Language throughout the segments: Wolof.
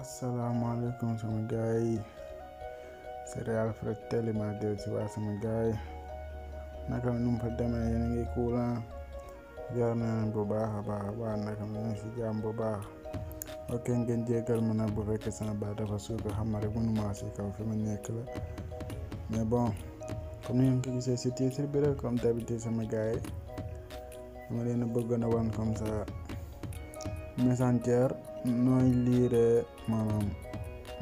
asalaamaaleykum sama gaay yi céréal frais teel ma del si waa sama gaay naka nu mu fa demee yéen ngi kuulan jaar nañu bu baax a baax a baax naka mu ngi si jàmm bu baax ok ngeen jéggal ma nag bu fekkee sama baax dafa suuf xam nga rek mënuma si kaw fi ma nekk la mais bon comme nu ngeen ko gisee si titre bi rek comme d'habitude sama gaay yi dama leen a bëggoon a wan comme ça. messenger nooy liire maanaam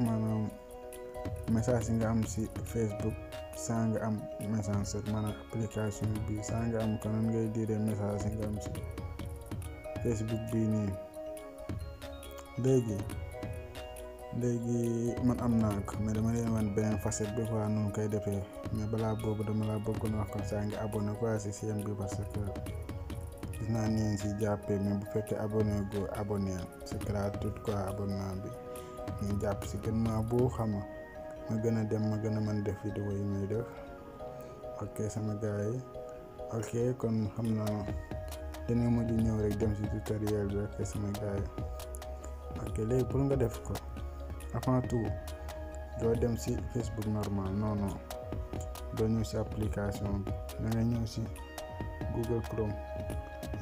maanaam message yi nga am si facebook saa nga am messenger maanaam application bi saa nga am ko nan ngay liire message yi nga am si facebook bii nii léegi léegi man am naa ko mais dama leen wan beneen facette bi quoi noonu koy defee mais balaa boobu dama laa bëggoon wax ko saa ngi abonné quoi si chaîne bi parce naa ni si jàppee mais bu fekkee abonné go abonné c'est gratuit quoi abonnement bi ñu jàpp si gën maa boo xam ma gën a dem ma gën a mën def vidéo yi muy def ok sama gars yi ok kon xam naa dina mujj ñëw rek dem si tutoriel bi ok sama gars ok léegi pour nga def ko avant tout doo dem si Facebook normal non non doo ñëw si application bi da ñëw si Google Chrome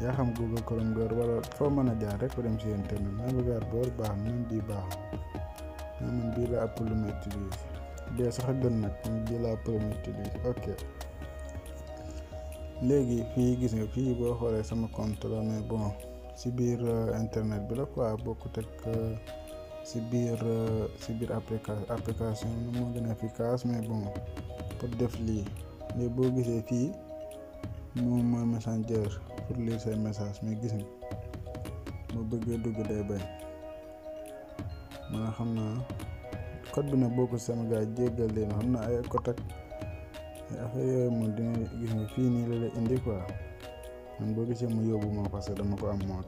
yaa xam Google Chrome nga wala foo mën a jaar rek ko dem si internet navigateur baax na même bii baax na bii la Apple may utilise bee nag man la Apple may utilise ok gis nga fii boo xoolee sama compte la mais bon si biir euh, internet bi la quoi bokkut ak si euh, si biir euh, application bi moo gën a efficace mais bon pour def lii léegi boo gisee fii moom mooy Messenger. pour lire say message mais gis nga ma bëggee dugg day bañ man xam naa code bi nag bokkul sama gars yi jéggal leen xam naa ay code ak affaire yooyu moom dina gis nga fii nii la la indi mu yóbbu ma parce que dama ko am moo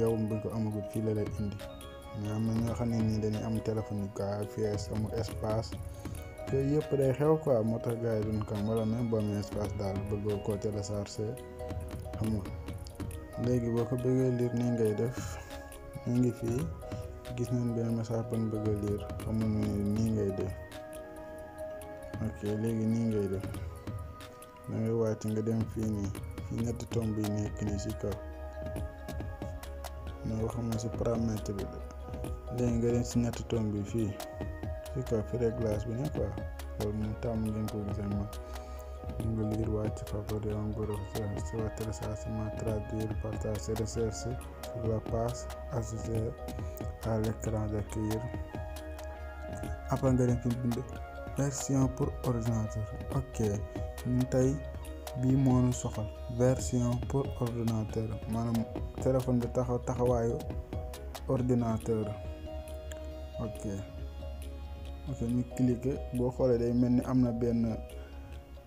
yow bi ko amagul fii la la indi na ñoo xam ne nii dañuy am téléphone kaa fees amul espace yooyu yëpp day xew quoi moo tax gars yi duñ ko am wala même boo amee espace daal bëggoo koo télécharger xam léegi boo ko bëggee liir nii ngay def mu ngi fii gis nañ benn message bu ñu bëgg a lire xamul ne nii ngay def ok léegi nii ngay def da ngay wàcc nga dem fii nii fii ñetti tomb yi nekk nii ci kaw nga waxam ne ci paramètre bi léegi nga dem ci ñetti tomb bi fii ci kaw fi réglage bi ne quoi loolu moom tàmm ngeen ko gisee moom. Ingolidir White favori a un grupo se va a interesarse más tras de la paz a suceder al écran de Kir. Aprender en fin version pour ordinateur ok ñun tey bii moo ñu soxal version pour ordinateur maanaam téléphone bi taxaw taxawaayu ordinateur ok ok cliquer boo xoolee day mel ni am na benn.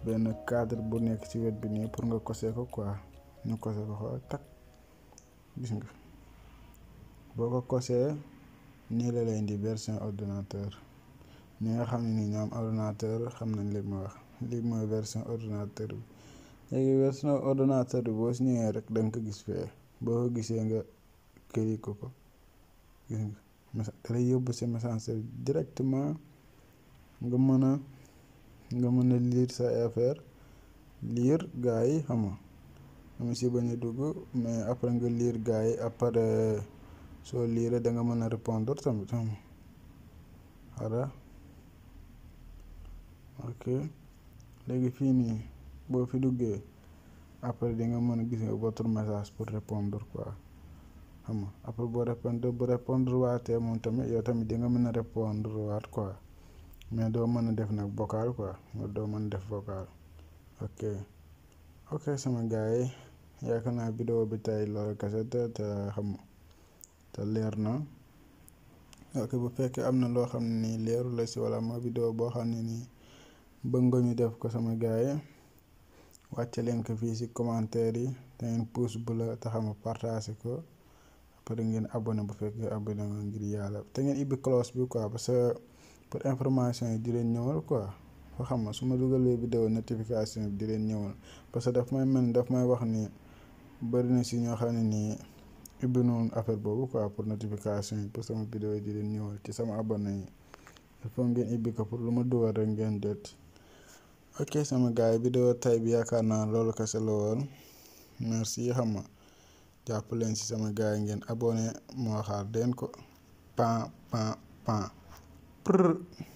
benn cadre bu nekk ci wet bi nii pour nga kose ko quoi ñu kose ko xool takk gis nga boo ko kosee nii la lay indi version ordinateur ñi nga xam ne ni ñoom ordinateur xam nañ li ma lii mooy version ordinateur bi ordinateur bi boo si ñëwee rek danga ko gis fee boo ko gisee nga këri ko ko gis nga dalay yóbbu si message directement nga mën a nga mën a liir sa affaire liir gars yi xam nga dama si bañ a dugg mais après nga liir gars yi après soo lire da nga mën a répondre tamit xam xara ok léegi fii nii boo fi duggee après di nga mën a gis nga votre message pour répondre quoi xam nga après boo répondre bu répondre waatee moom tamit yow tamit di nga mën a répondre waat quoi mais doo mën a def nag vocal quoi nga doo mën a def vocal ok ok sama gars yi yaakaar naa vidéo bi tey loolu kese te te xam te leer na ok bu fekkee am na loo xam ne nii leeru la si wala ma vidéo boo xam ne nii bëgg nga ñu def ko sama gars yi wàcce leen fii si commentaire yi te ngeen pouce bu la te xam partage ko après ngeen abonné bu fekkee abonné nga ngir yàlla te ngeen ibbi cloche bi quoi parce pour information yi di leen ñëwal quoi fa xam nga su ma dugalee vidéo notification bi di leen ñëwal parce que daf may mel daf may wax ni bëri na si ñoo xam ne nii ubbi noonu affaire boobu quoi pour notification yi pour sama vidéo yi di leen ñëwal ci sama abonné yi il faut ngeen ubbi ko pour lu ma dugal rek ngeen jot ok sama gars yi vidéo tay bi yaakaar naa loolu kese la woon merci xam nga jàpp leen si sama gars yi ngeen abone moo xaar den ko pan pan pan prr